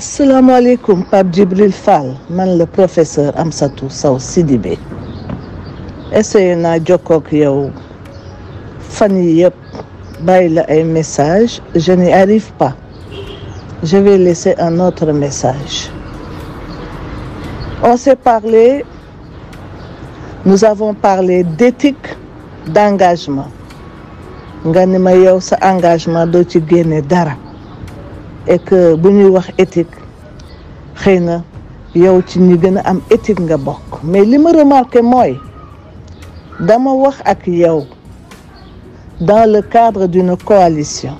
asalaamaaleykum Pape Djibril Fall man la professeur Amsatou Sow Sidibé essayé naa jokkook yow fan yi yëpp la ay message je n'y arrive pas je vais laisser un autre message on s'est parlé nous avons parlé d'éthique d'engagement nga ni ma yow sa engagement doo ci génne dara et que bu ñuy wax éthique xëy na yow ci ñi gën a am éthique nga bokk mais li ma remarqué mooy dama wax ak yow dans le cadre d'une coalition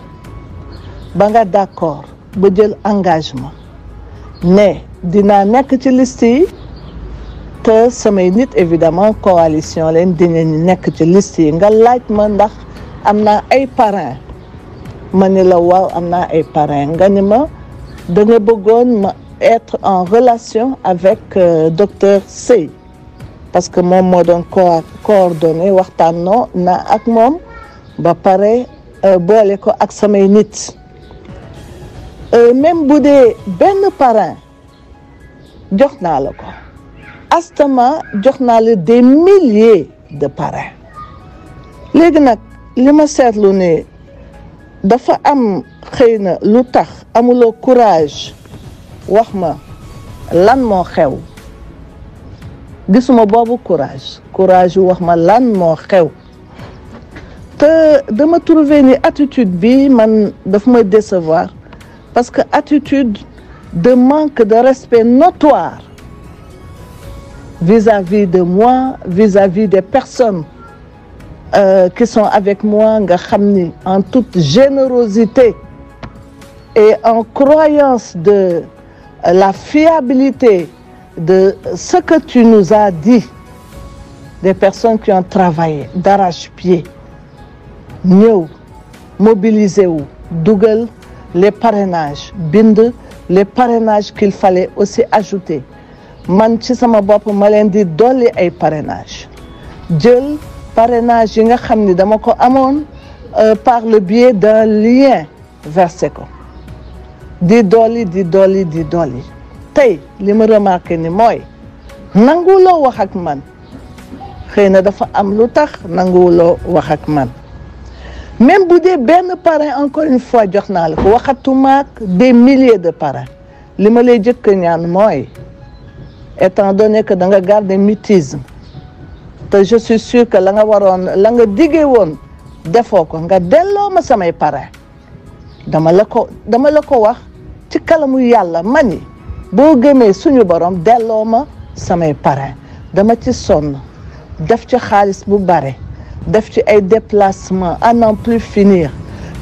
ba nga d'accord ba jël engagement ne dinaa nekk ci liste yi te samay nit évidemment coalition leen dinañu nekk ci liste yi nga laaj ma ndax am naa ay parrain ma ni la waaw am naa ay parrain nga ni ma da nga bëggoon ma être en relation avec euh, docteur Sey parce que moom moo doon co coordonné waxtaan noo na ak moom ba pare euh, boole ko ak samay nit euh, même bu dee benn parrain jox naa la ko jox naa la des milliers de parrains léegi nag li ma seetlu ne dafa am xëy na lu tax amuloo courage wax ma lan moo xew gisuma boobu courage courage wax ma lan moo xew te dama trouver ni attitude bi man daf ma décevoir parce que attitude de manque de respect notoire vis-à-vis de moi vis-à-vis des personnes euh, qui sont avec moi nga xam ni en toute générosité et en croyance de euh, la fiabilité de ce que tu nous as dit des personnes qui ont travaillé d'arrache-pied ñëw mobiliser wu dugal les parrainages bind les parrainages qu'il fallait aussi ajouter man ci sama bopp ma leen di dolli ay parrainages jël parrainage yi nga xam ni dama ko amoon euh, par le biais d'un lien versé ko di dolli di dolli di dolli tey li ma remarqué ni mooy nanguwuloo wax ak man xëy na dafa am lu tax nanguwuloo wax ak man même bu dee benn parrain encore une fois jox naa la ko waxatumaak des milliers de parrains li ma lay jëkk ñaan mooy étant donné que da nga garder mutisme te je suis la nga waroon la nga diggee woon defoo ko nga delloo ma samay parrain dama la ko dama la ko wax ci kalamu yàlla ma ni boo gëmee suñu borom delloo ma samay parrain dama ci sonn def ci xaalis bu bare def ci ay déplacement à n'en plus finir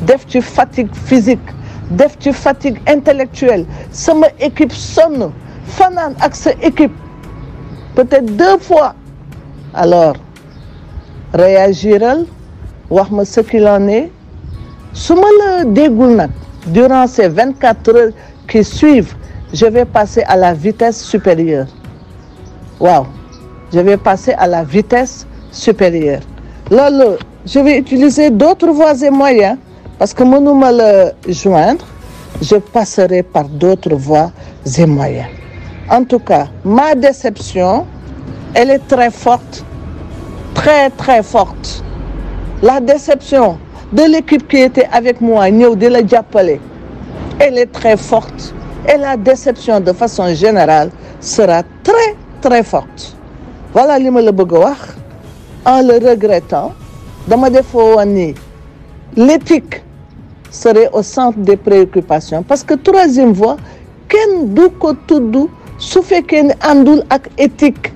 def ci fatigue physique def ci fatigue intellectuelle sama équipe sonn fanaan ak sa équipe peut-être deux fois alors réagiral wax ma ce qu'il en est su ma la déggul nag durant ces vingt quatre heures qui suivent je vais passer à la vitesse supérieure waaw je vais passer à la vitesse supérieure loolu je vais utiliser d'autres voies et moyens parce que mënuma la joindre je passerai par d'autres voies et moyens en tout cas ma déception elle est très forte, très très forte. La déception de l'équipe qui était avec moi, Nyo de la Diapolé, elle est très forte. Et la déception de façon générale sera très très forte. Voilà li ma la bëgg a wax en le regrettant dama defoon ni l'éthique serait au centre des préoccupations parce que troisième voie kenn du ko tudd su fekkee ne àndul ak éthique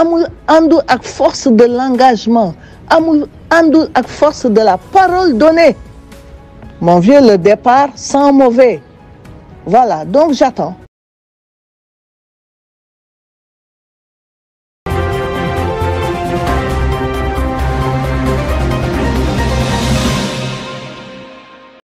amul àndul ak force de l'engagement amul àndul ak force de la parole donnée mon vieux le départ sans mauvais voilà donc j'attends